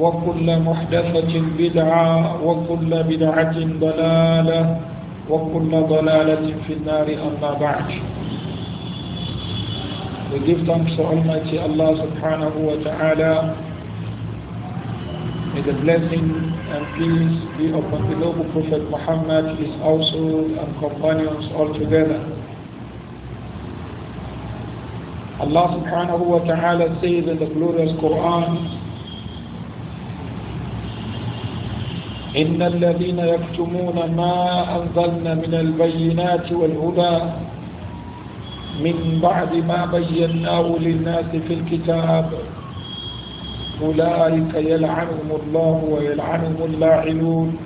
وكل محدثة بدعة وكل بدعة ضلالة وكل ضلالة في النار أما بعد We give thanks to Almighty Allah subhanahu wa ta'ala. May the blessing and peace be upon the noble Prophet Muhammad, his household and companions all together. Allah subhanahu wa ta'ala says in the glorious Quran, إن الذين يكتمون ما أنزلنا من البينات والهدى من بعد ما بيناه للناس في الكتاب أولئك يلعنهم الله ويلعنهم اللاعنون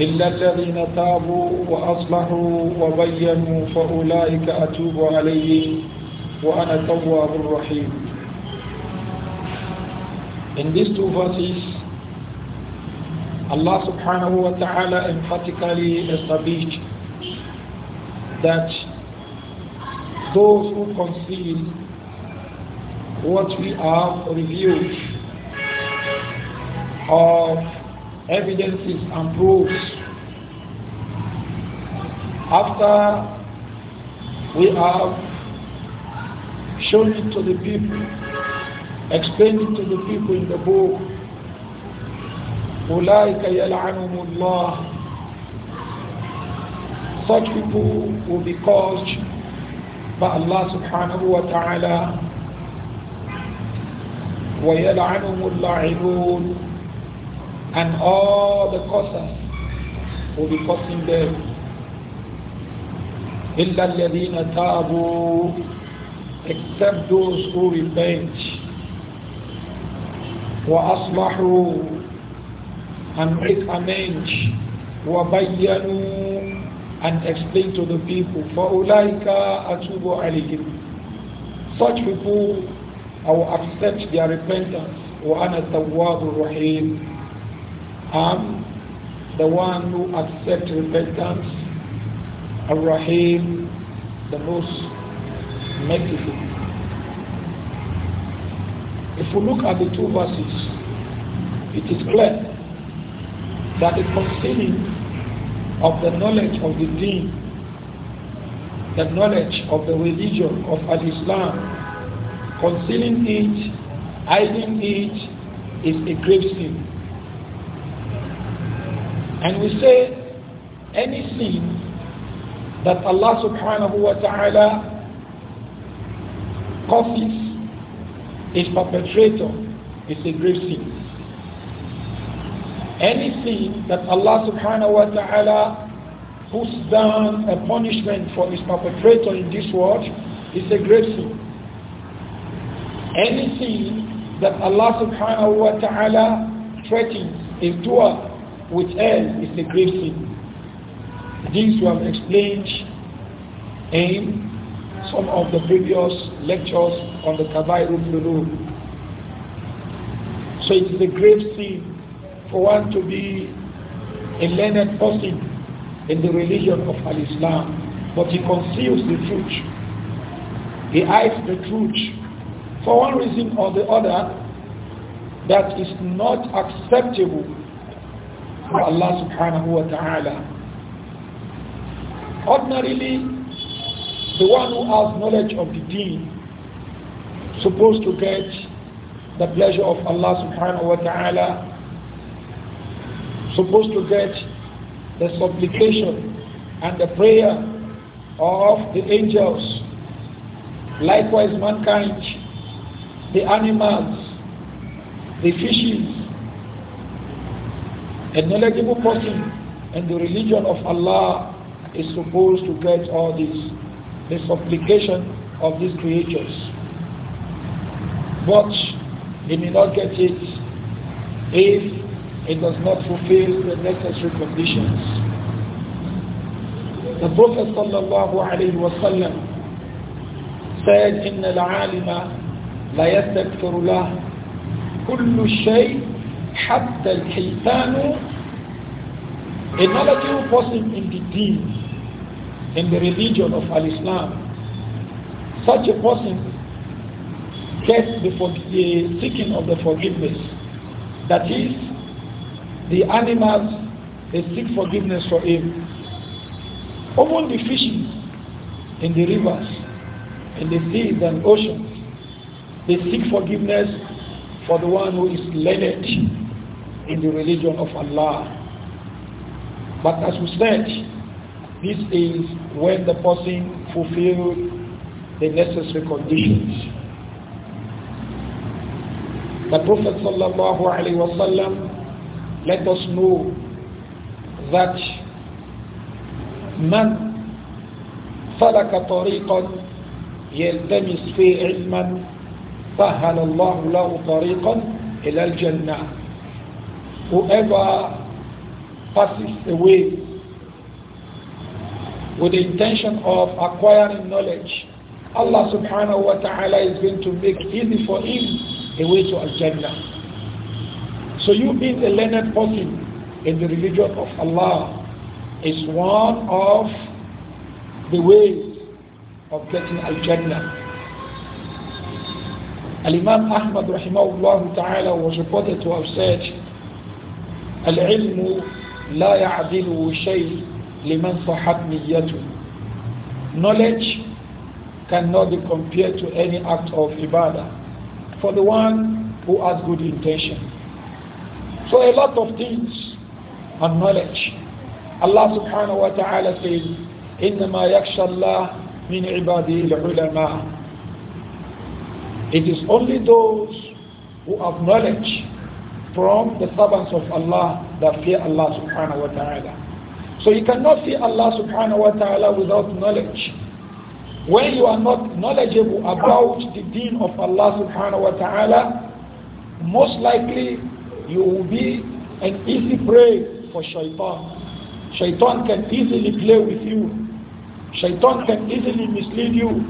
إلا الذين تابوا وأصلحوا وبينوا فأولئك أتوب عليهم وأنا التواب الرحيم In these two verses, Allah subhanahu wa ta'ala emphatically established that those who conceal what we have reviewed of evidences and proofs after we have shown it to the people, explained it to the people in the book, أولئك يلعنهم الله Such people will be caused by Allah subhanahu wa ta'ala ويلعنهم اللاعبون and all the causes will be causing them إلا الذين تابوا except those who repent وأصلحوا and make amends وَبَيَّنُوا and explain to the people فَأُولَٰئِكَ أَتُوبُ عَلَيْهِمْ Such people I will accept their repentance وَأَنَا التَّوَّابُ الرَّحِيمُ I'm the one who accepts repentance Ar-Rahim the most merciful If we look at the two verses it is clear that is concealing of the knowledge of the deen, the knowledge of the religion of Al-Islam, concealing it, hiding it, is a grave sin. And we say any sin that Allah subhanahu wa ta'ala causes its perpetrator is a grave sin anything that Allah subhanahu wa ta'ala puts down a punishment for its perpetrator in this world is a great sin. Anything that Allah subhanahu wa ta'ala threatens in dua with hell is a great sin. This we have explained in some of the previous lectures on the Kabairul Lulu. So it is a grave sin for one to be a learned person in the religion of Al-Islam, but he conceals the truth. He hides the truth. For one reason or the other, that is not acceptable to Allah subhanahu wa ta'ala. Ordinarily, the one who has knowledge of the deen supposed to get the pleasure of Allah subhanahu wa ta'ala supposed to get the supplication and the prayer of the angels. Likewise, mankind, the animals, the fishes, a knowledgeable person and the religion of Allah is supposed to get all this, the supplication of these creatures. But they may not get it if it does not fulfill the necessary conditions. The Prophet sallallahu alayhi wa sallam said, إن العالم لا يستغفر له كل شيء حتى الحيتان A knowledgeable person in the deen, in the religion of Al-Islam, such a person gets the, the seeking of the forgiveness. That is, the animals, they seek forgiveness for him. Even the fishes in the rivers, in the seas and oceans, they seek forgiveness for the one who is learned in the religion of Allah. But as we said, this is when the person fulfills the necessary conditions. The Prophet sallallahu alaihi wasallam let us know that من سلك طريقا يلتمس فيه علما سهل الله له طريقا إلى الجنة whoever passes away with the intention of acquiring knowledge Allah subhanahu wa ta'ala is going to make easy for him a way to Al-Jannah so you being a learned person in the religion of Allah is one of the ways of getting Al-Jannah. Al-Imam Ahmad rahimahullah ta'ala was reported to have said, العلم لا يعدل شيء لمن صحت نيته Knowledge cannot be compared to any act of ibadah for the one who has good intentions. So a lot of things and knowledge. Allah subhanahu wa ta'ala says, إِنَّمَا يَخْشَى اللَّهِ مِنْ عِبَادِهِ الْعُلَمَاءِ It is only those who have knowledge from the servants of Allah that fear Allah subhanahu wa ta'ala. So you cannot fear Allah subhanahu wa ta'ala without knowledge. When you are not knowledgeable about the deen of Allah subhanahu wa ta'ala, most likely you will be an easy prey for shaitan. Shaitan can easily play with you. Shaitan can easily mislead you.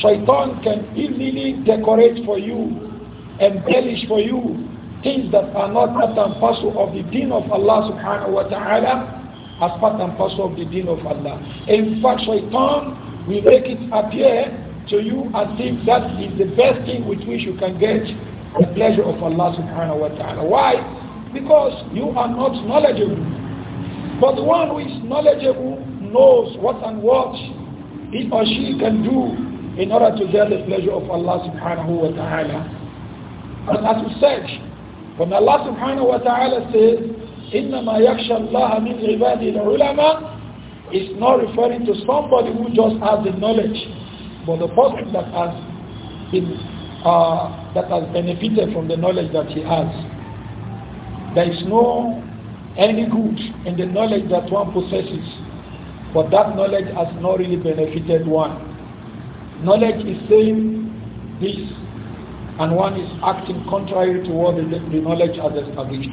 Shaitan can easily decorate for you, embellish for you things that are not part and parcel of the deen of Allah subhanahu wa ta'ala as part and parcel of the deen of Allah. In fact, shaitan will make it appear to you as if that is the best thing with which you can get the pleasure of Allah subhanahu wa ta'ala. Why? Because you are not knowledgeable. But the one who is knowledgeable knows what and what he or she can do in order to get the pleasure of Allah subhanahu wa ta'ala. And as we said, when Allah subhanahu wa ta'ala says, إِنَّمَا يَخْشَى اللَّهَ مِنْ عِبَادِهِ الْعُلَمَا is not referring to somebody who just has the knowledge, but the person that has been uh, that has benefited from the knowledge that he has. There is no any good in the knowledge that one possesses, but that knowledge has not really benefited one. Knowledge is saying this, and one is acting contrary to what the, the knowledge has established.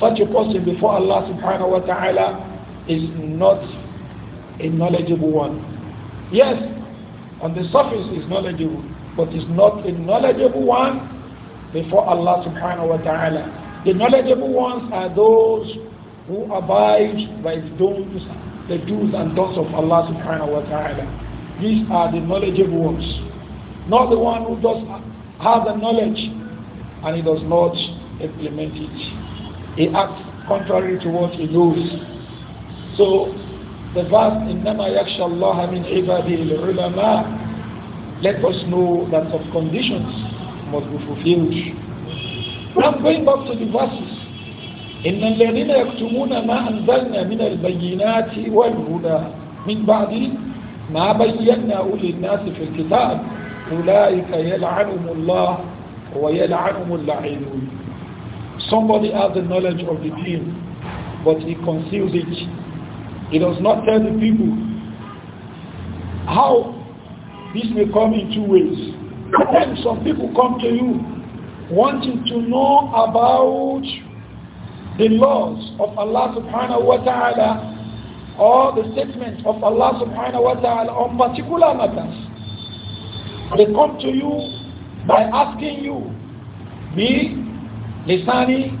Such a person before Allah subhanahu wa ta'ala is not a knowledgeable one. Yes, on the surface is knowledgeable, but is not a knowledgeable one before Allah subhanahu wa ta'ala. The knowledgeable ones are those who abide by the do's, the do's and don'ts of Allah subhanahu wa ta'ala. These are the knowledgeable ones. Not the one who just has the knowledge and he does not implement it. He acts contrary to what he knows. So the verse إنما يخشى الله من عباده ulama let us know that some conditions must be fulfilled. Now going back to the verses. إن الذين يكتمون ما أنزلنا من البينات والهدى من بعد ما بيناه للناس في الكتاب أولئك يلعنهم الله ويلعنهم اللاعنون Somebody has the knowledge of the deen but he conceals it. He does not tell the people how this may come in two ways. Then some people come to you wanting to know about the laws of Allah subhanahu wa ta'ala or the statements of Allah subhanahu wa ta'ala on particular matters. They come to you by asking you, be lisani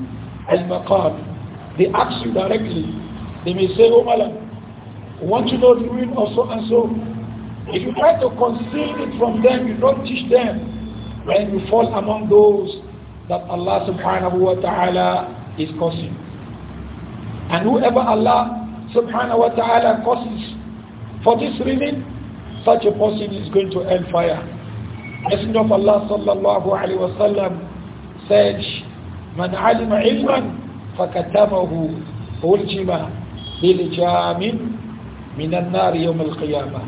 al-maqab. They ask you directly. They may say, oh Malam, want to know the ruin of so and so. If you try to conceal it from them, you don't teach them, When you fall among those that Allah subhanahu wa ta'ala is causing, And whoever Allah subhanahu wa ta'ala causes, for this reason, such a person is going to end fire. Messenger of Allah sallallahu alayhi wa sallam said, من علم علما فكتمه ألجم بلجام من النار يوم القيامة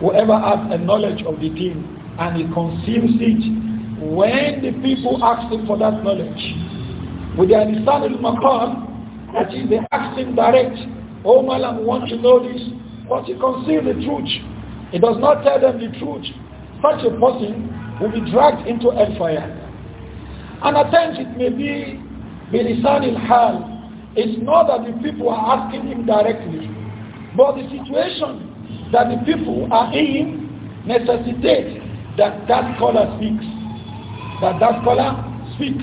Whoever has a knowledge of the thing and he conceals it, when the people ask him for that knowledge, with the understanding maqam, that is they ask him direct, oh we want to know this, but he conceals the truth. He does not tell them the truth. Such a person will be dragged into hellfire. And at times it may be bilisan al-hal. It's not that the people are asking him directly, but the situation that the people are in necessitate that that scholar speaks. That that scholar speaks.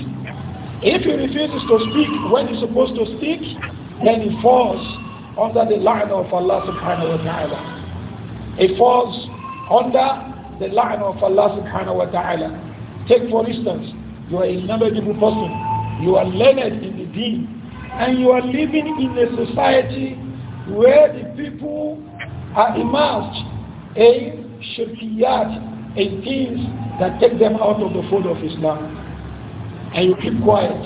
If he refuses to speak when he's supposed to speak, then he falls under the line of Allah subhanahu wa ta'ala. He falls under the line of Allah subhanahu wa ta'ala. Take for instance, you are a knowledgeable person, you are learned in the deen, and you are living in a society where the people are immersed in shirkiyat, in things that take them out of the fold of Islam. And you keep quiet.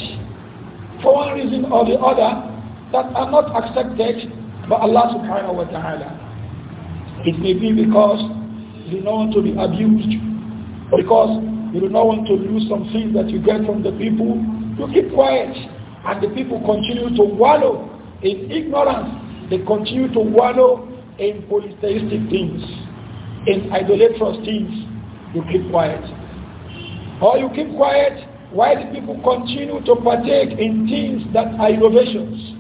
For one reason or the other, that are not accepted by Allah subhanahu wa ta'ala. It may be because you do not want to be abused, because you do not want to lose some things that you get from the people. You keep quiet, and the people continue to wallow in ignorance. They continue to wallow in polytheistic things, in idolatrous things, you keep quiet. Or you keep quiet while people continue to partake in things that are innovations.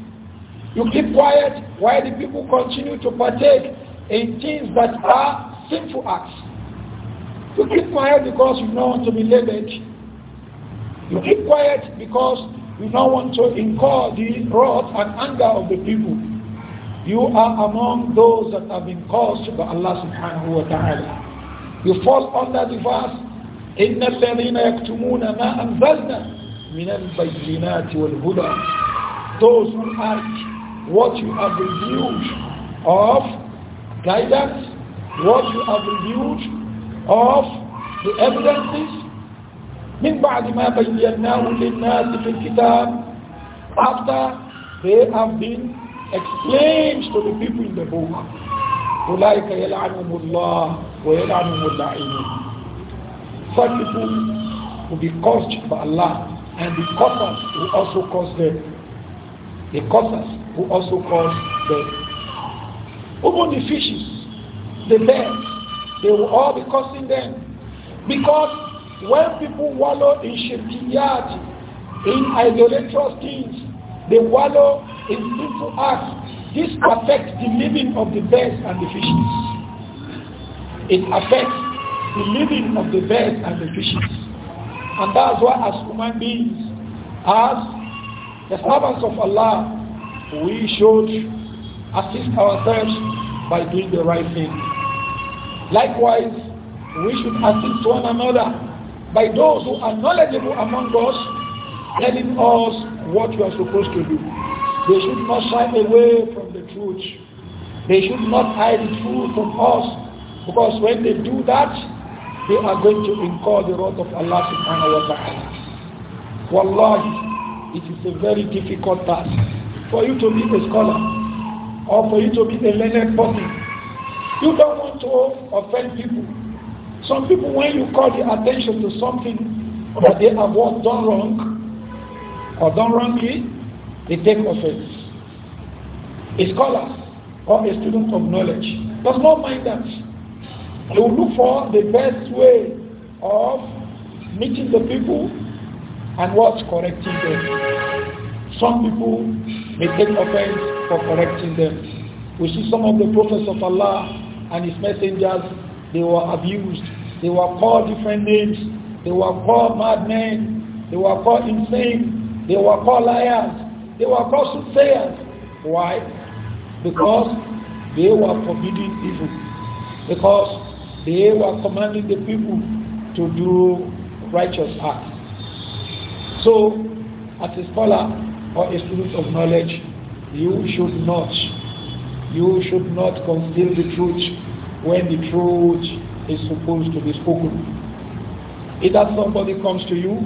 You keep quiet while the people continue to partake in things that are sinful acts. You keep quiet because you don't want to be labeled. You keep quiet because you don't want to incur the wrath and anger of the people you are among those that have been caused by Allah subhanahu wa ta'ala. You fall under the verse, إِنَّ الَّذِينَ يَكْتُمُونَ مَا أَنْزَلْنَا مِنَ الْبَيِّنَاتِ وَالْهُدَى Those who ask what you have reviewed of guidance, what you have reviewed of the evidences, من بعد ما بيناه للناس في الكتاب after they have been explains to the people in the book أولئك يلعنهم الله ويلعنهم اللعينون Such people will be cursed by Allah and the cursers will also curse them. The cursers will also curse them. Even the fishes, the birds, they will all be cursing them. Because when people wallow in shirkiyat, in idolatrous things, they wallow is to us. this affects the living of the birds and the fishes. It affects the living of the birds and the fishes. And that's why as human beings, as the servants of Allah, we should assist ourselves by doing the right thing. Likewise, we should assist one another by those who are knowledgeable among us, telling us what we are supposed to do. They should not shy away from the truth. They should not hide the truth from us. Because when they do that, they are going to incur the wrath of Allah subhanahu wa ta'ala. Wallahi, it is a very difficult task for you to be a scholar or for you to be a learned person. You don't want to offend people. Some people, when you call their attention to something that they have done wrong or done wrongly, they take offense. A scholar or a student of knowledge does not mind that. They will look for the best way of meeting the people and what's correcting them. Some people may take offense for correcting them. We see some of the prophets of Allah and his messengers, they were abused. They were called different names. They were called madmen. They were called insane. They were called liars. They were soothsayers. Why? Because they were forbidding evil. Because they were commanding the people to do righteous acts. So, as a scholar or a student of knowledge, you should not, you should not conceal the truth when the truth is supposed to be spoken. Either somebody comes to you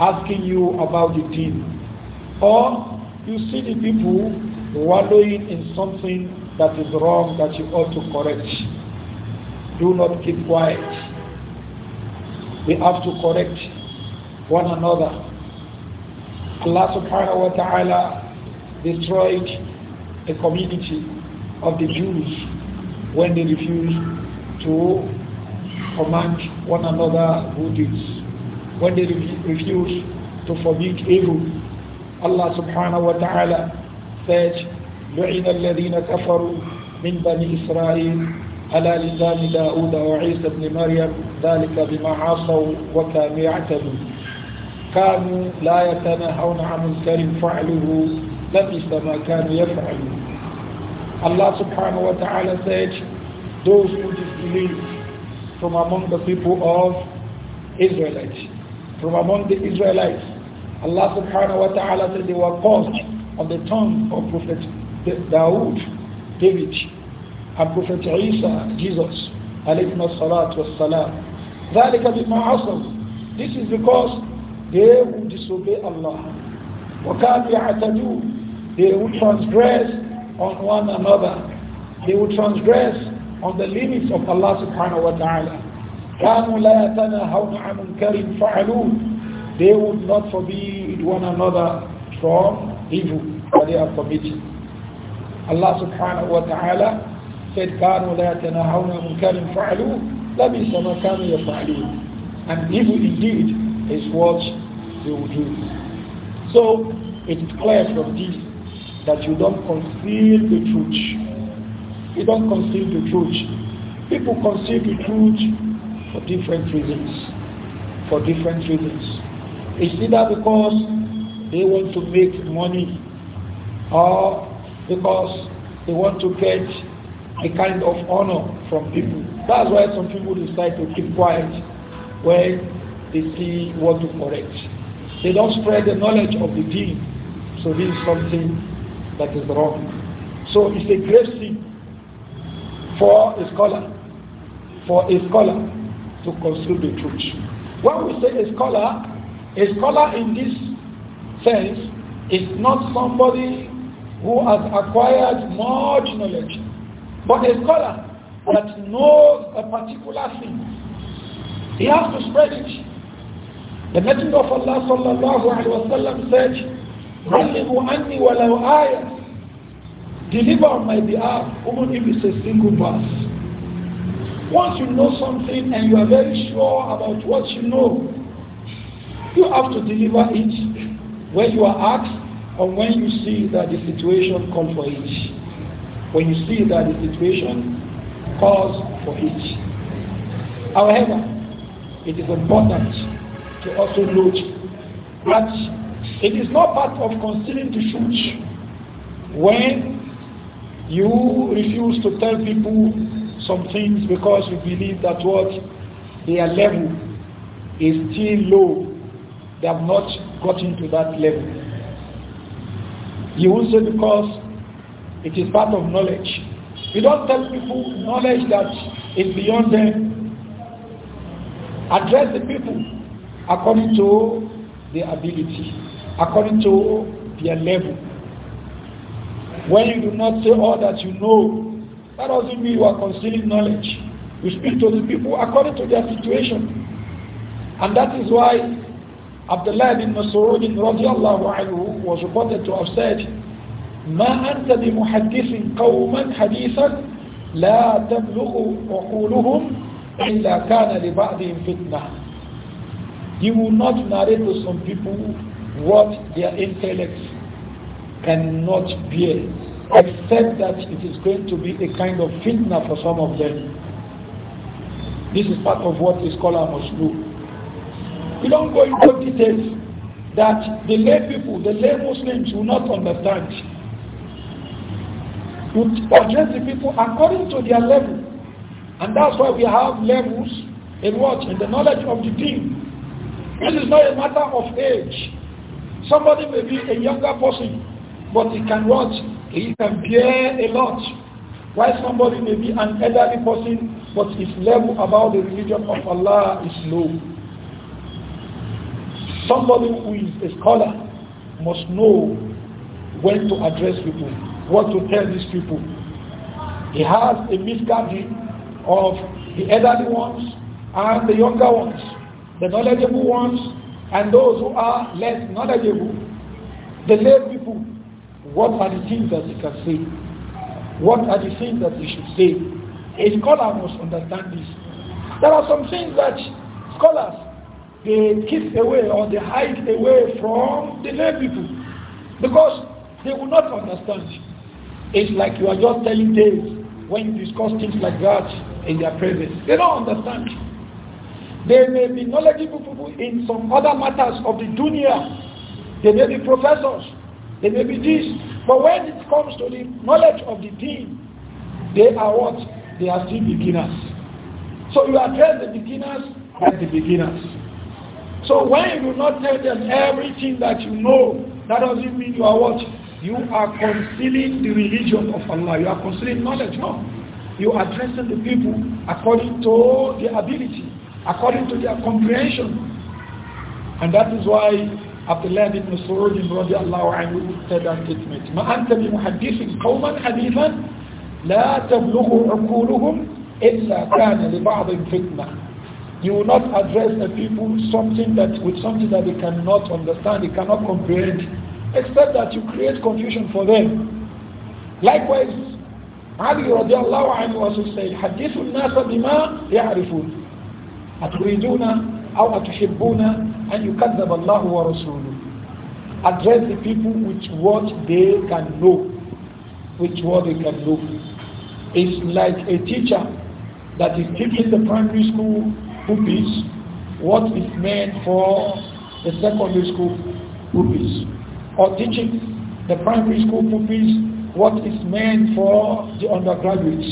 asking you about the deen, or you see the people wallowing in something that is wrong that you ought to correct. Do not keep quiet. We have to correct one another. Allah subhanahu wa ta'ala destroyed a community of the Jews when they refused to command one another good deeds, when they refused to forbid evil الله سبحانه وتعالى فاج لعن الذين كفروا من بني إسرائيل على لسان داود وعيسى بن مريم ذلك بما عصوا وكانوا يعتدون كانوا لا يتناهون عن منكر فعله لبس ما كانوا يفعلون الله سبحانه وتعالى سيج those who disbelieve from among the people of Israelites from among the Israelites Allah subhanahu wa ta'ala said they were paused on the tongue of Prophet Dawood, David, and Prophet Isa, Jesus, alayhi salatu wassalam. ذَلِكَ بِمَا This is because they would disobey Allah. وَكَانُوا يَعْتَدُونَ They would transgress on one another. They would transgress on the limits of Allah subhanahu wa ta'ala. كانوا لا يتناهون عن منكر فعلوه they would not forbid one another from evil that they are committing. Allah subhanahu wa ta'ala said, كَانُوا لَا تَنَاهَوْنَا مُنْكَرٍ فَعَلُوا لَبِسَ مَا كَانُوا يَفْعَلُونَ And evil indeed is what they will do. So, it is clear from this that you don't conceal the truth. You don't conceal the truth. People conceal the truth for different reasons. For different reasons. It's either because they want to make money or because they want to get a kind of honor from people. That's why some people decide to keep quiet when they see what to correct. They don't spread the knowledge of the deen. So this is something that is wrong. So it's a grave sin for a scholar, for a scholar to construe the truth. When we say a scholar, a scholar in this sense is not somebody who has acquired much knowledge, but a scholar that knows a particular thing. He has to spread it. The Messenger of Allah sallallahu alaihi wasallam said, "Ralimu anni walau ayah." Deliver on my behalf, even if it's a single verse. Once you know something and you are very sure about what you know, you have to deliver it when you are asked or when you see that the situation calls for it. When you see that the situation calls for it. However, it is important to also note that it is not part of concealing the truth when you refuse to tell people some things because you believe that what their level is still low they have not gotten to that level. You will say because it is part of knowledge. We don't tell people knowledge that is beyond them. Address the people according to their ability, according to their level. When you do not say all that you know, that doesn't mean you are concealing knowledge. You speak to the people according to their situation. And that is why Abdullah bin Mas'ud radiallahu anhu was reported to have said, ما أنت بمحدث قوما حديثا لا تبلغ عقولهم إلا كان لبعضهم فتنة. You will not narrate to some people what their intellect cannot bear, except that it is going to be a kind of fitna for some of them. This is part of what is called a must we don't go into details that the lay people, the lay Muslims will not understand. We address the people according to their level. And that's why we have levels in what? In the knowledge of the team. This is not a matter of age. Somebody may be a younger person, but he can watch. He can bear a lot. While somebody may be an elderly person, but his level about the religion of Allah is low. Somebody who is a scholar must know when to address people, what to tell these people. He has a misguiding of the elderly ones and the younger ones, the knowledgeable ones and those who are less knowledgeable. The lay people, what are the things that they can say? What are the things that they should say? A scholar must understand this. There are some things that scholars they keep away or they hide away from the lay people because they will not understand. It's like you are just telling tales when you discuss things like that in their presence. They don't understand. They may be knowledgeable people in some other matters of the dunya. They may be professors. They may be this. But when it comes to the knowledge of the deen, they are what? They are still beginners. So you address the beginners at the beginners. So when you do not tell them everything that you know, that doesn't mean you are what? You are concealing the religion of Allah. You are concealing knowledge. No. You are addressing the people according to their ability, according to their comprehension. And that is why Abdullah ibn Mas'ud radiallahu anhu said that statement. ما أنت بمحدث قوما حديثا لا تبلغ عقولهم إلا كان لبعض فتنة you will not address the people something that with something that they cannot understand, they cannot comprehend, except that you create confusion for them. Likewise, Ali radiallahu anhu also said, حدثوا الناس بما يعرفون أتريدون أو أتحبون أن يكذب الله ورسوله Address the people with what they can know, with what they can know. It's like a teacher that is teaching the primary school pupils, what is meant for the secondary school pupils, or teaching the primary school pupils what is meant for the undergraduates.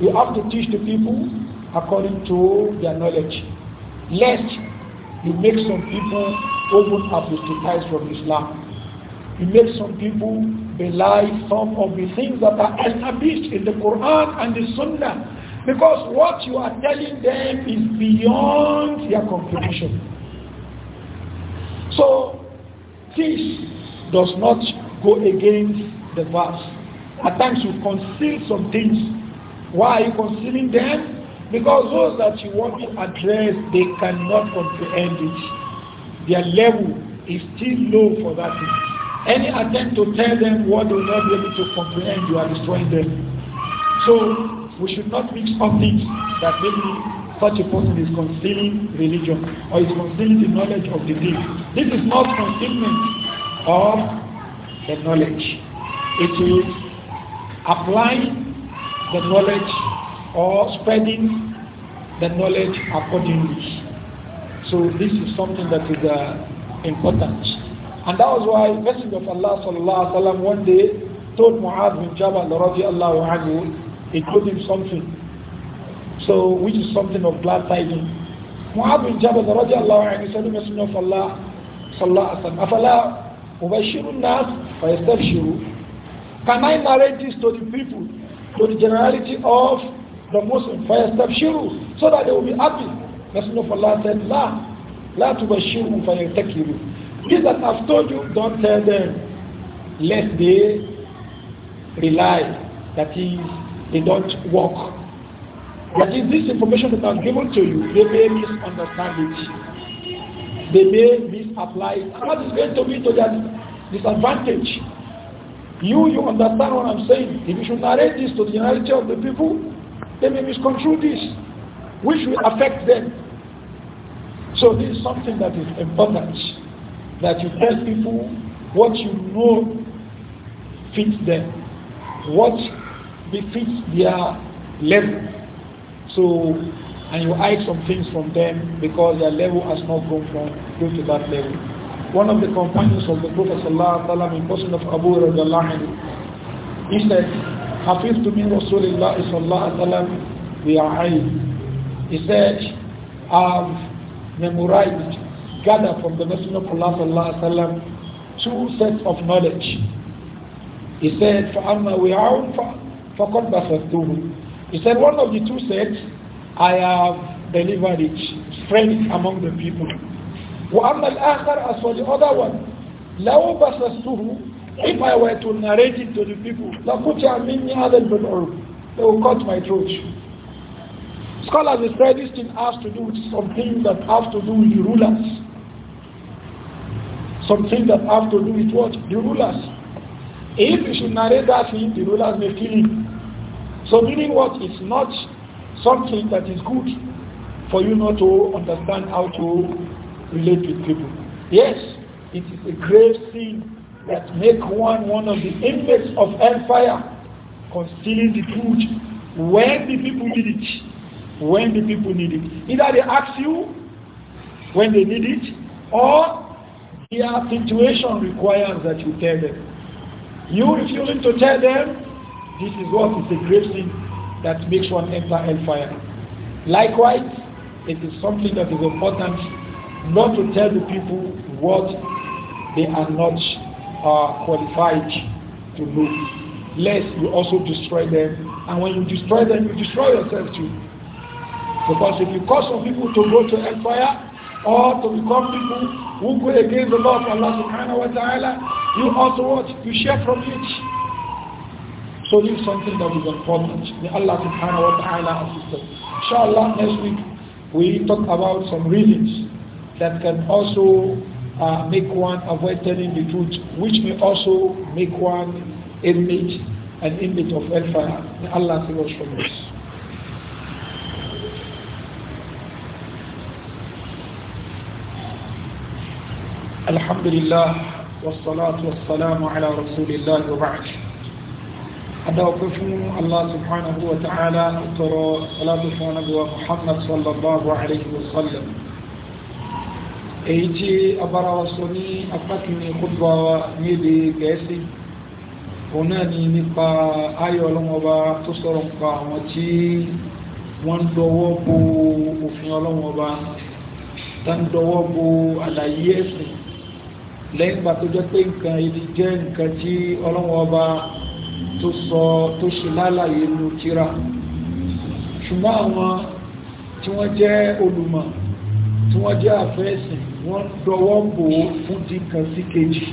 You have to teach the people according to their knowledge, lest you make some people open apostatize from Islam. You make some people belie some of the things that are established in the Quran and the Sunnah because what you are telling them is beyond their comprehension. So this does not go against the verse. At times you conceal some things. Why are you concealing them? Because those that you want to address, they cannot comprehend it. Their level is still low for that. Thing. Any attempt to tell them what they will not be able to comprehend, you are destroying them. So we should not mix up things that maybe such a person is concealing religion or is concealing the knowledge of the deen. This is not concealment of the knowledge. It is applying the knowledge or spreading the knowledge accordingly. So this is something that is uh, important. And that was why Messenger of Allah sallallahu alaihi wasallam one day told Mu'adh bin Jabal radiallahu anhu including something. So, which is something of glad tidings. Mu'adh bin Jabal radiallahu anhu said, Messenger of Allah sallallahu alaihi wasallam, Afala ubashiru nas fayastabshiru. Can I narrate this to the people, to the generality of the Muslim, fayastabshiru, so that they will be happy? Messenger of Allah said, La, la tubashiru fayastakiru. These that I've told you, don't tell them, lest they rely, that is, they don't work. But if this information that I've given to you, they may misunderstand it. They may misapply it. That is going to be to their disadvantage. You, you understand what I'm saying. If you should narrate this to the generality of the people, they may misconstrue this, which will affect them. So this is something that is important, that you tell people what you know fits them, what befits their level. So, and you hide some things from them because their level has not gone from grown to that level. One of the companions of the Prophet sallallahu alaihi wasallam, person of Abu radiallahu he said, "Hafiz to me Rasulullah sallallahu alaihi wasallam, we are high." He said, "I've memorized, gathered from the Messenger of Allah sallallahu alaihi wasallam, two sets of knowledge." He said, فَأَمَّا are. فَقَدْ بَسَطْتُهُ He said, one of the two said, I have delivered it, spread it among the people. وَأَمَّا الْآخَرْ As for the other one, لَوْ If I were to narrate it to the people, لَقُتْ يَعْمِنِّي هَذَا الْبَنْعُرُ They will cut my throat. Scholars have said this thing has to do with something that has to do with the rulers. Something that has to do with what? The rulers. If you should narrate that thing, the rulers may kill him. So meaning what is not something that is good for you not to understand how to relate with people. Yes, it is a grave sin that make one one of the inmates of hellfire concealing the truth when the people need it. When the people need it. Either they ask you when they need it or their situation requires that you tell them. You refusing to tell them, this is what is the great thing that makes one enter hellfire. Likewise, it is something that is important not to tell the people what they are not uh, qualified to know, lest you also destroy them. And when you destroy them, you destroy yourself too. Because if you cause some people to go to hellfire or to become people who go against the law of Allah subhanahu wa ta'ala, you also to you share from it. So this is something that is important. May Allah subhanahu wa ta'ala assist us. Inshallah, next week we talk about some reasons that can also uh, make one avoid telling the truth, which may also make one admit an image of hellfire. May Allah save us from this. الحمد لله والصلاة والسلام على رسول الله وبعد أدعوكم الله سبحانه وتعالى ترى صلاة ونبوة محمد صلى الله عليه وسلم أيتي أبرا وصني أفكني خطبة نبي جاسي هناني نقا آية لمبا تصرم قامتي وندوبوا وفي لمبا تندوبوا على يسني lẹ́yìn ìgbà tó jẹ́ pé nǹkan ibi jẹ́ nǹkan tí ọlọ́wọ́ ọba tó sọ tó ṣe lálàyé nu tírà ṣùgbọ́n àwọn tí wọ́n jẹ́ olùmọ̀ tí wọ́n jẹ́ àfẹ́sìn wọ́n dọwọ́ ń bò fún di kan sí kejì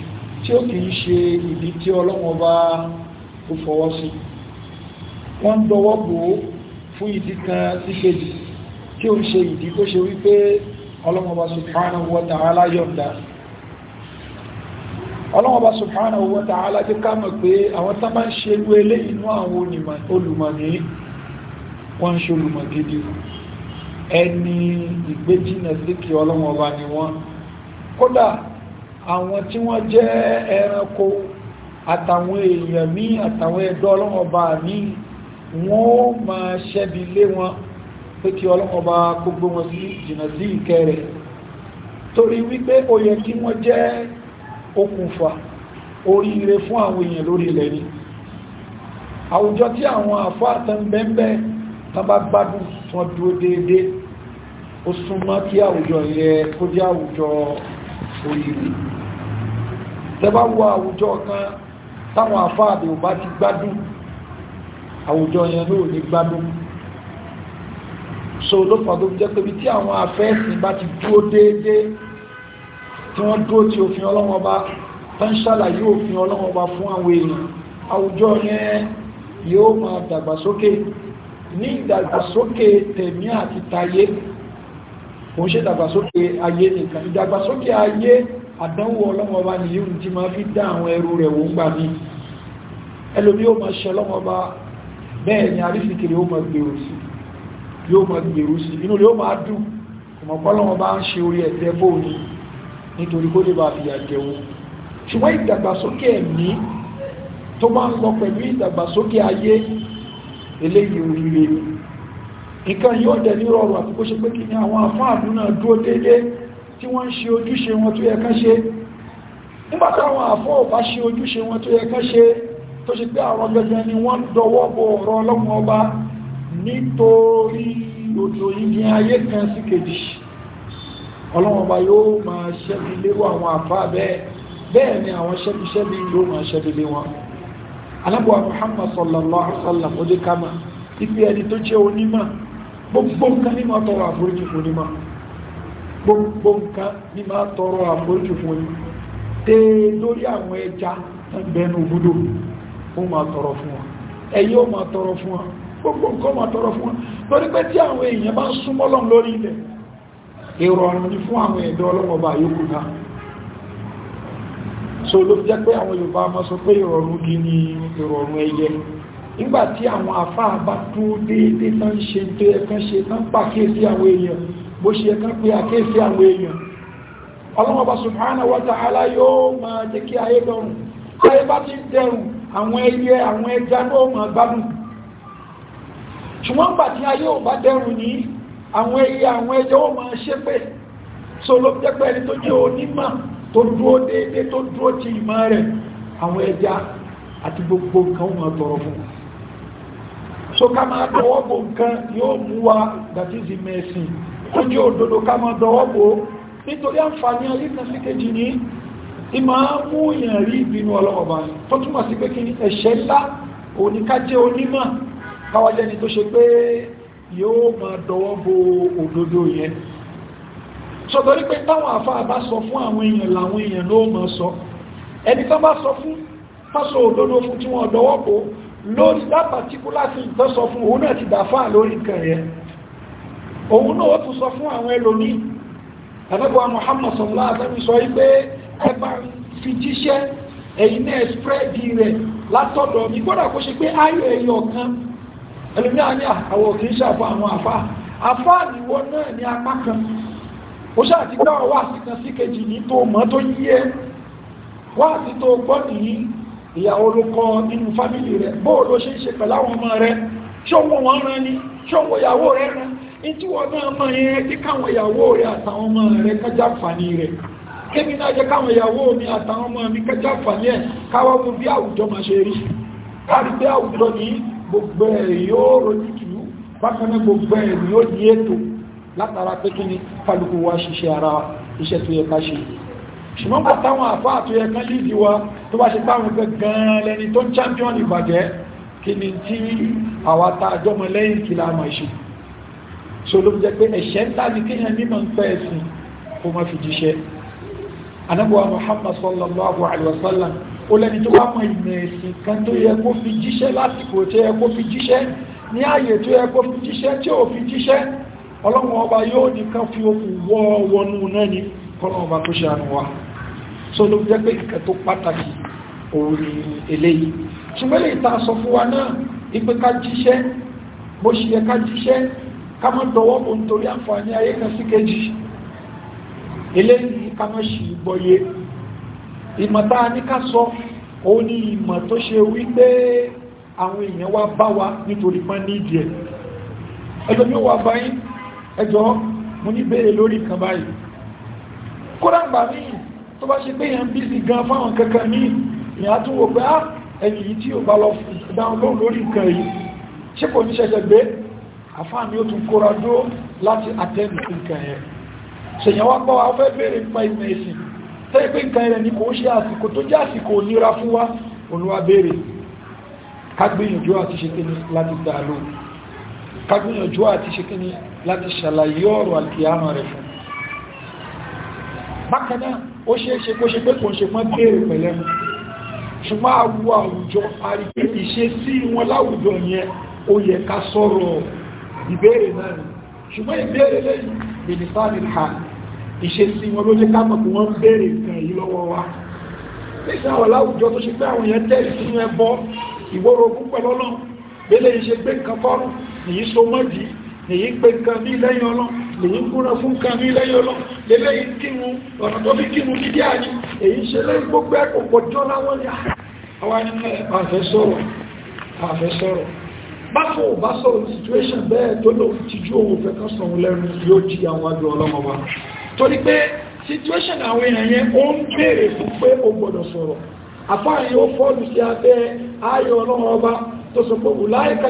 tí ó kìí ṣe ìdí tí ọlọ́wọ́ bá ó fọwọ́ sí wọ́n dọwọ́ bò fún ìdí kan sí kejì tí ó ń ṣe ìdí tó ṣe wípé ọlọ́wọ́ bá subhanahu wa ta'ala ọlọ́wọ́ba subhanahu wa ta'ala jẹ́ ká mọ̀ pé àwọn tán bá ń ṣe lú elé inú àwọn olùmọ̀ní wọ́n ń ṣe olùmọ̀ gidi ẹni ìgbéjìnà síkì ọlọ́wọ́ba ni wọ́n kódà àwọn tí wọ́n jẹ́ ẹranko àtàwọn èèyàn mí àtàwọn ẹ̀dọ́ ọlọ́wọ́ba ní wọ́n máa ṣẹ́bi lé wọn pé kí ọlọ́wọ́ba kó gbé okùnfà oríire fún àwọn èèyàn lórí ilẹ̀ ni àwùjọ tí àwọn àfá àtànbẹ́m̀bẹ́ tán bá gbádùn wọn dúró déédéé ó súnmọ́ kí àwùjọ yẹ kó jẹ́ àwùjọ oríire tẹ́bá wo àwùjọ kan táwọn àfá àbẹ̀ ò bá ti gbádùn àwùjọ yẹn ló ní gbádùn so ló fà jẹ́ pé bí tí àwọn afẹ́sìn bá ti dúró déédéé tí wọ́n dúró tí òfin ọlọ́wọ́n bá tán ṣàlàyé òfin ọlọ́wọ́n bá fún àwọn èèyàn àwùjọ yẹn yóò máa dàgbàsókè ní ìdàgbàsókè tẹ̀mí àti tayé kò ń ṣe dàgbàsókè ayé nìkan ìdàgbàsókè ayé àdánwò ọlọ́wọ́n bá nìyí ohun tí máa fi dá àwọn ẹrú rẹ̀ wọ́n gbà ní ẹlòmí yóò máa ṣe ọlọ́wọ́n nítorí kó lè bá fìyà jẹun ṣùgbọ́n ìdàgbàsókè ẹ̀mí tó bá ń lọ pẹ̀lú ìdàgbàsókè ayé eléyìí oríire nǹkan yóò dẹ̀ ní rọrùn àti kó ṣe pé kí ni àwọn àfáàdú náà dúró déédé tí wọ́n ń ṣe ojúṣe wọn tó yẹ ká ṣe nígbàtí àwọn àfọ́ ò bá ṣe ojúṣe wọn tó yẹ ká ṣe tó ṣe pé àwọn gẹ́gẹ́ ni wọ́n dọwọ́ bọ ọ̀rọ̀ ọlọ́mọ ọba nítorí òjò ìgbìn ayé kan sí kejì ọlọ́wọ́n bá yóò máa ṣẹ́bi lérò àwọn àfá bẹ́ẹ̀ bẹ́ẹ̀ ni àwọn ṣẹ́bi ṣẹ́bi yóò máa ṣẹ́bi lé wọn alábọ̀ Muhammad sallallahu alaihi wasallam ó dé kama ibi ẹni tó jẹ́ onímọ̀ gbogbo nǹkan ní máa tọrọ àforíjì fún onímọ̀ gbogbo nǹkan ní máa tọrọ àforíjì fún onímọ̀ tẹ lórí àwọn ẹja bẹnu òbúdó ó máa tọrọ fún wọn ẹyẹ ó máa tọrọ fún wọn gbogbo nǹkan máa tọrọ fún wọn lórí pé tí àwọn èèyàn bá súnmọ́ lọ́n lórí ilẹ̀ ìrọ̀rùn ní fún àwọn ẹ̀dọ́ ọlọ́mọba yóò náà so ló fi jẹ́ pé àwọn Yorùbá máa sọ pé ìrọ̀rùn gi ni ìrọ̀rùn ẹyẹ nígbà tí àwọn àfáà bá tó déédéé tán ṣe tó ẹ̀kan ṣe tán pàkíyèsí àwọn èèyàn bó ṣe ẹ̀kan ta'ala yóò máa jẹ́ kí ayé dọ̀rùn ayé bá ti dẹ̀rùn àwọn ẹyẹ àwọn ẹja náà máa àwọn ẹyẹ àwọn ẹyẹ ó máa ṣépè so ló jẹ́ pé ẹni tó jẹ́ onímọ̀ tó dúró déédéé tó dúró ti ìmọ̀ rẹ̀ àwọn ẹja àti gbogbo nǹkan ó tọrọ fún so ká máa dọwọ́ bò nǹkan yóò mú wa that is ìmẹ̀sìn tó jẹ́ òdodo ká máa dọwọ́ bò nítorí àǹfààní ayé kan sí kejì ní ìmọ̀ mú èèyàn rí ìbínú ọlọ́ọ̀bá tó túmọ̀ sí pé kí ẹ̀ṣẹ̀ ńlá òní ká jẹ́ onímọ̀ káwájẹ́ni tó ṣe pé yóò máa dọwọ́ bo òdodo yẹn sọ̀tọ́rí pé táwọn àfáà bá sọ fún àwọn èèyàn làwọn èèyàn ló máa sọ ẹni tán bá sọ fún pásọ òdodo fún tí wọ́n dọwọ́ bo lórí that particular thing tán sọ fún òun náà ti dàfáà lórí nǹkan yẹn òun náà ó tún sọ fún àwọn ẹlòmíì àtàkùn Muhammad sọ̀lá àtàkùn sọ wípé ẹ bá fi jíṣẹ́ ẹ̀yin náà spread rẹ̀ látọ̀dọ̀ mi gbọ́dọ̀ kó ṣe pé ẹlòmí àní ah, àwọ̀ kìí ṣàfà àwọn àfà àfà níwọ náà ní apá kan ó ṣàti gbá wà sí kan sí kejì ní tó mọ́ tó yí ẹ wà sí tó gbọ́ nìyí ìyàwó ló kọ nínú fámìlì rẹ bóò ló ṣe ń ṣe pẹ̀lú àwọn ọmọ rẹ ṣọ́wọ́ wọn rán ni ṣọ́wọ́ ìyàwó rẹ rán ní tí wọ́n náà mọ̀ yẹn kí káwọn ìyàwó rẹ àtàwọn ọmọ rẹ kájá fàní rẹ kémi náà jẹ́ káwọn ìyàwó mi àtàwọn ọmọ mi kájá fàní ẹ̀ káwọ́ mú bí àwùjọ máa ṣe rí kárí pé àwùjọ nìyí gbogbo ẹ̀ yóò rojú tù ú bákan gbogbo ẹ̀ yóò di ètò látara pé kí ni kálukú wa ṣiṣẹ́ ara iṣẹ́ tó yẹ ká ṣe ṣùgbọ́n bá táwọn àfáà tó yẹ ká lídi wa tó bá ṣe táwọn ẹgbẹ́ gan-an lẹ́ni tó ń champion ìbàjẹ́ kí ni tí àwa ta àjọmọ lẹ́yìn kí la mọ̀ ṣe so ló jẹ́ pé ẹ̀ṣẹ̀ ń tàbí kéèyàn mímọ̀ ń pẹ́ ẹ̀sìn kó má fi jíṣẹ́ anábọ̀wá Muhammad sallallahu alaihi wasallam ó lẹ́ni tó bá mọ ìmọ̀ ẹ̀sìn kan tó yẹ kó fi jíṣẹ́ lásìkò tó yẹ kó fi jíṣẹ́ ní ààyè tó yẹ kó fi jíṣẹ́ tí ò fi jíṣẹ́ ọlọ́run ọba yóò nìkan fi okùn wọ́ wọnú náà ní ọba tó ṣe àrùn wa so ló jẹ́ pé ìkẹ́ tó pàtàkì òun ni eléyìí ṣùgbọ́n lè ta sọ fún wa náà ipe ká jíṣẹ́ bó ṣe yẹ ká jíṣẹ́ ká má dọwọ́ bò nítorí àǹfààní ayé kan sí kejì ìmọ̀ta ní ká sọ ó ní ìmọ̀ tó ṣe wípé àwọn èèyàn wá bá wa nítorí pán ní ìdí ẹ̀ ẹjọ́ ní ó wà báyìí ẹjọ́ mo ní bèèrè lórí kan báyìí kódà gbà mí tó bá ṣe pé èèyàn bízì gan fáwọn kankan ní ìyá tún wò pé ah, ẹni yìí tí ó bá lọ dáhùn lóhùn lórí nǹkan yìí tẹ́ pé nǹkan ẹ̀rẹ̀ ni kò ṣe àsìkò tó jẹ́ àsìkò nira fún wa olúwa béèrè kágbìyànjú àti ṣekíní láti dàlò kágbìyànjú àti ṣekíní láti ṣàlàyé ọ̀rọ̀ alkiyama rẹ̀ fún bákanáà ó ṣe é ṣe kó ṣe pé kò ń ṣe pọ́n béèrè pẹ̀lẹ́ ṣùgbọ́n àwọ àwùjọ àrígbé ìṣesí wọn láwùjọ yẹn ó yẹ ká sọ̀rọ̀ ìbéèrè náà ṣùgbọ́n ìbéèrè lẹ́yìn lè ní sáà ìṣesí wọn ló jẹ́ káàmọ̀ pé wọ́n béèrè nǹkan yìí lọ́wọ́ wa nígbà wà láwùjọ tó ṣe pé àwọn èèyàn tẹ̀lé sínú ẹbọ ìwọ́rọ̀ ogún pẹ̀lú ọlọ́run bẹ́lẹ̀ ṣe gbé nǹkan fọ́rùn nìyí so mọ́jì nìyí pé nǹkan ní lẹ́yìn ọlọ́run nìyí kúnra bákan ò bá sọ̀rọ̀ situation bẹ́ẹ̀ tó lò ti ju òun fẹ́ kan sọ̀rọ̀ yóò jí àwọn àjọ ọlọ́mọba torí pé situation àwọn èèyàn yẹn ó ń béèrè fún pé o gbọ́dọ̀ sọ̀rọ̀ àfáàyè ó fọ́ọ̀lù sí abẹ́ ayọ̀ ọlọ́run ọba tó sọ pé wùláìka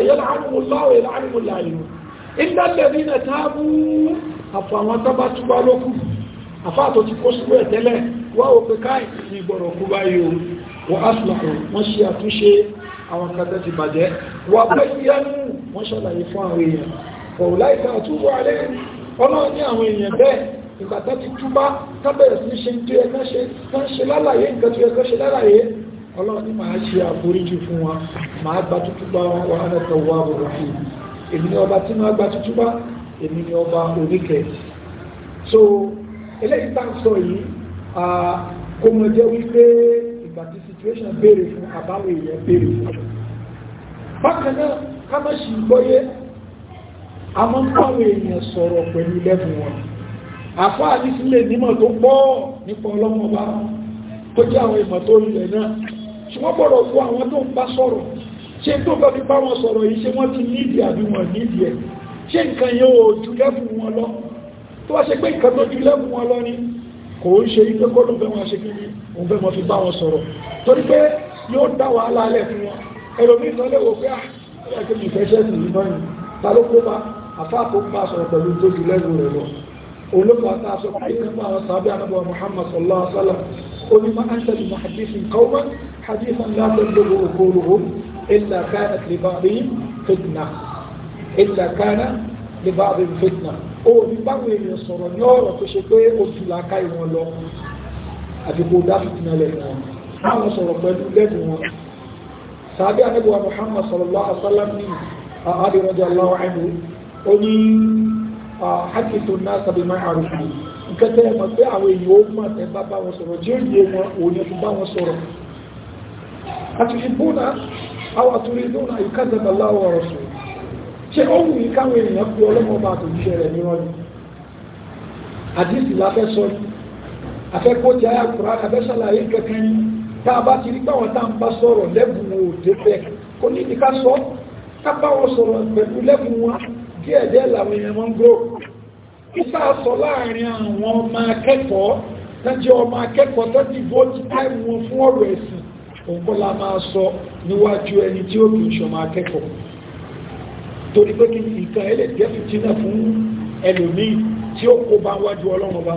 na táàbù àfọ àwọn tábà túbá lókù àfáàtò ti kó wọ́n ṣàlàyé fún àwọn èèyàn alẹ́ ní ìgbà tó ti túbá tábẹ̀rẹ̀ sí ṣe tó yẹ kán ṣe lálàyé nǹkan tó yẹ kán ṣe lálàyé ọlọ́run ní màá ṣe àforíjì fún wa màá gba tútúbá wọn wọn ẹ̀tọ́ wà bọ̀rọ̀ fún èmi ni ọba tí màá gba tútúbá èmi ni ọba oníkẹ́ so eléyìí tá à ń sọ yìí kó mo jẹ́ wípé ìgbà tí situation béèrè fún àbáwọ̀ èèyàn béèrè fún bákan náà ká má ṣì gbọ́yé a máa ń pàwọn èèyàn sọ̀rọ̀ pẹ̀lú lẹ́bùn wọn àfá àdísílẹ̀ nímọ̀ tó pọ̀ nípa ọlọ́mọ bá tó jẹ́ àwọn ìmọ̀ tó ilẹ̀ náà ṣùgbọ́n gbọ́dọ̀ fún àwọn tó ń bá sọ̀rọ̀ ṣe tó bá fi bá wọn sọ̀rọ̀ yìí ṣe wọ́n ti nídìí àbí wọn nídìí ẹ̀ ṣe nǹkan yóò ju lẹ́bù wọn lọ tó wá ṣe pé nǹkan tó ju lẹ́bù wọn lọ ni kò ń ṣe ilé kó ló fẹ́ wọn ṣe kí dá wàhálà alẹ́ fún wọn ẹlòmíì tán lẹ́wọ̀ pé àyàkẹ́ ah, mi fẹ́ ṣẹ́ nìyí náà ni ta ló kó bá àfáà tó bá sọ̀rọ̀ olóòfà tá a sọ pé ìkan fún àwọn sàábẹ́ anábọ̀ Muhammad sallallahu alaihi wa sallam ó ní ma ń tẹ̀lé mahadifin kọ́wọ́ hadifan láti gbogbo òkúrò illa kana libari fitna illa kana libari fitna ó ní báwọn èèyàn sọ̀rọ̀ ní ọ̀rọ̀ tó ṣe pé ó ti làákà ìwọ̀n lọ àdìgbò dá fìtìnà lẹ́nu wọn àwọn ha الناس بالمعروف nǹkan tẹ́ ẹ mọ̀ pé àwọn èèyàn ó mọ̀ tẹ́ bá wọn sọ̀rọ̀ jẹ́ bá wọn àti ìbúna àwọn àtúrí ìdúnà ìkàtẹ̀bà ọ̀rọ̀ sọ ṣe ó wù káwọn èèyàn pé ọlọ́mọ bá rẹ̀ ní àdìsí la sọ afẹ́kọ́ ti abẹ́ tá a bá ti rí báwọn tá à ń bá sọ̀rọ̀ lẹ́bùn kò ní ní ká sọ ká báwọn sọrọ pẹ̀lú lẹ́bùn wọn díẹ̀ díẹ̀ làwọn èèyàn mọ́ ń gbó ìta sọ láàrin àwọn ọmọ akẹ́kọ̀ọ́ tẹ́jẹ́ ọmọ akẹ́kọ̀ọ́ tẹ́jì vóòtì táìmù wọn fún ọ̀rọ̀ ẹ̀sìn òǹkọ́ la máa sọ níwájú ẹni tí ó kì í akẹ́kọ̀ọ́ torí pé kí nǹkan ẹlẹ́ jẹ́ fìtínà fún ẹlòmíì tí ó kó bá níwájú ọlọ́run ọba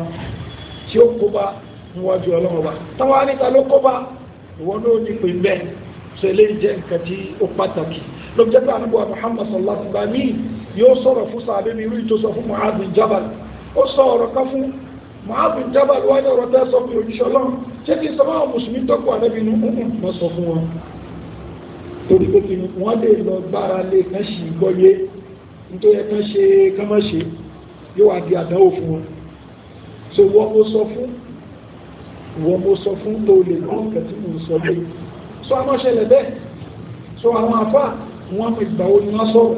tí ó kó bá níwájú ọlọ́run ọba ló jẹ́ pé àdúgbò Muhammad sallallahu alaihi wasallam yóò sọ̀rọ̀ fún sàbẹ́ mi rí tó sọ fún Mu'adh bin Jabal ó sọ ọ̀rọ̀ kan fún Mu'adh bin Jabal wáyé ọ̀rọ̀ tẹ́ sọ fún òjíṣẹ́ ọlọ́run ṣé kí n sọ fáwọn mùsùlùmí tó kù àdẹ́bí inú ọ̀hún mọ́ sọ fún wọn torí pé kí wọ́n lè lọ gbára lé kan ṣì gbọ́yé nítorí ẹ̀ ṣe kán yóò wá di àdánwò fún wọn so wọ́n mo sọ fún wọ́n mo sọ fún tó lè gbọ́n kẹ́tí mo sọ lé so a ṣẹlẹ̀ bẹ́ẹ̀ so àwọn àfáà wọ́n mú ìgbà ó ní wọ́n sọ̀rọ̀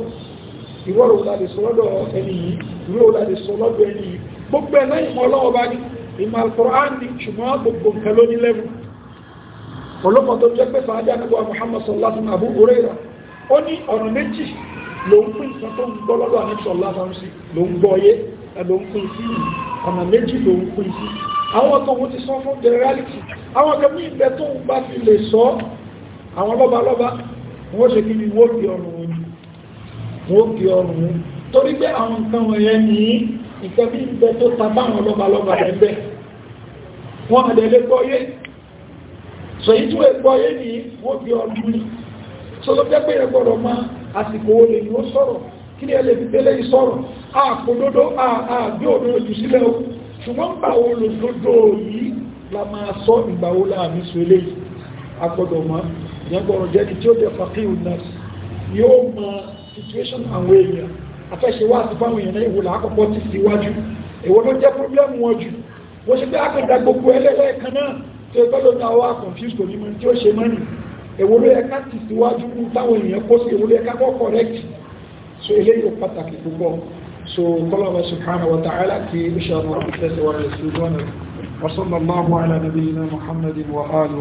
ìwọ́rò láti sọ lọ́dọ̀ ẹni yìí ìwọ́rò láti sọ lọ́dọ̀ ẹni yìí gbogbo ẹ̀ lẹ́yìn mọ́ ọlọ́wọ́ bá ní ìmọ̀ alkùnrán ní ṣùgbọ́n gbogbo nǹkan ló ní lẹ́bù ọlọ́pàá tó jẹ́ pé sàájá nígbà Muhammad sallallahu alaihi Abu Huraira ó ní ọ̀nà méjì ló ń pín nǹkan tó ń gbọ́ lọ́dọ̀ àní àwọn tó ti sọ fún generality àwọn kan ní ìbẹ́ tó ń bá fi lè sọ àwọn lọ́ba lọ́ba wọ́n ṣe kí ni wọ́n kí ọrùn wọn wọ́n kí ọrùn wọn torí pé àwọn nǹkan wọ̀nyẹn ní nǹkan bí ìgbẹ́ tó ta báwọn lọ́balọ́ba ẹgbẹ́ wọ́n àdẹ̀lẹ́ gbọ́yé sọ̀yí tó ẹgbọ́yé ní wọ́n kí ọrùn wọn sọlọ́pẹ́ pé ẹgbọ́dọ̀ máa àsìkò olè ni ó sọ̀rọ̀ kí ni ẹ lè fi tẹ́lẹ̀ yìí sọ̀rọ̀ àkòdodo àgbé òun ojú o ṣùgbọ́n gbà wo lòdodo yìí la máa sọ ìgbà wo ìyẹ́gbọ̀rọ̀ jẹ́ ni tí ó jẹ́ fàkíhùn nurse yóò mọ situation àwọn èèyàn afẹ́ṣe wá sí fáwọn èèyàn ìwòlà àkọ́kọ́ ti síwájú èwo ló jẹ́ problem wọn jù wọ́n ṣe pé àkàndà gbogbo ẹlẹ́lẹ́ confused kò ní mọ tí ó ṣe mọ́nì èwo ló yẹ ká ti síwájú correct so eléyìí pàtàkì púpọ̀ so kọ́lọ́wọ́ subhanahu wa ta'ala ki ó ṣe àwọn àfẹ́sẹ̀ wa rẹ̀ sí lọ́nà وصلى الله على نبينا محمد وآله